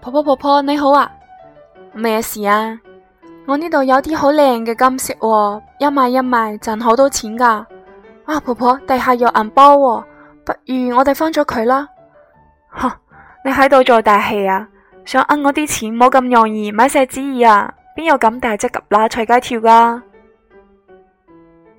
婆婆，婆婆，你好啊！咩事啊？我呢度有啲好靚嘅金飾，哦，一買一賣，賺好多錢噶。啊婆婆，地下有銀包，哦，不如我哋分咗佢啦。哈，你喺度做大戲啊？想呃我啲錢，冇咁容易，咪使旨意啊，邊有咁大隻蛤乸隨街跳啊？